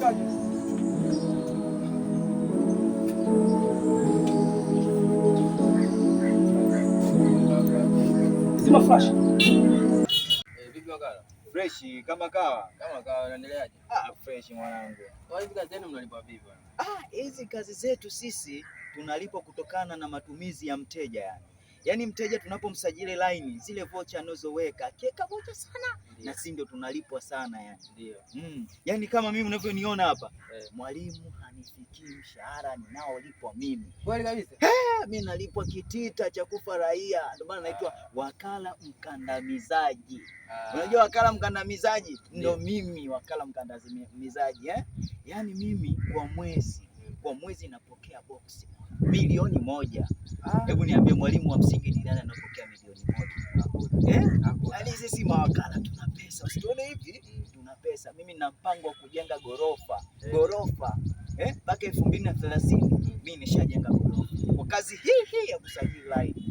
mchungaji. Zima flash. Fresh kama kawa, kama kawa unaendeleaje? Ah, fresh mwanangu. Kwa hizi kazi zenu mnalipa vipi bwana? Ah, hizi kazi zetu sisi tunalipa kutokana na matumizi ya mteja yani. Yaani mteja tunapomsajili line zile vocha anazoweka akiweka vocha sana Ndiyo. na si ndio tunalipwa sana yani. Ndio. Mm. Yaani kama mimi unavyoniona hapa eh. Mwalimu hanifikii mshahara ninaolipwa mimi. Kweli kabisa. Mimi nalipwa kitita cha kufa raia, ndio maana naitwa ah. wakala mkandamizaji. Ah. Unajua wakala mkandamizaji ndio mimi, wakala mkandamizaji eh? Yaani mimi kwa mwezi kwa mwezi napokea boksi milioni moja. Ah. Hebu niambie, mwalimu wa msingi ni nani anapokea milioni moja eh? Yaani sisi mawakala tuna pesa, usione hivi, tuna pesa. Mimi nina mpango wa kujenga gorofa eh. gorofa eh? mpaka eh, elfu mbili na thelathini mimi nishajenga gorofa kwa kazi hii hii ya kusajili laini.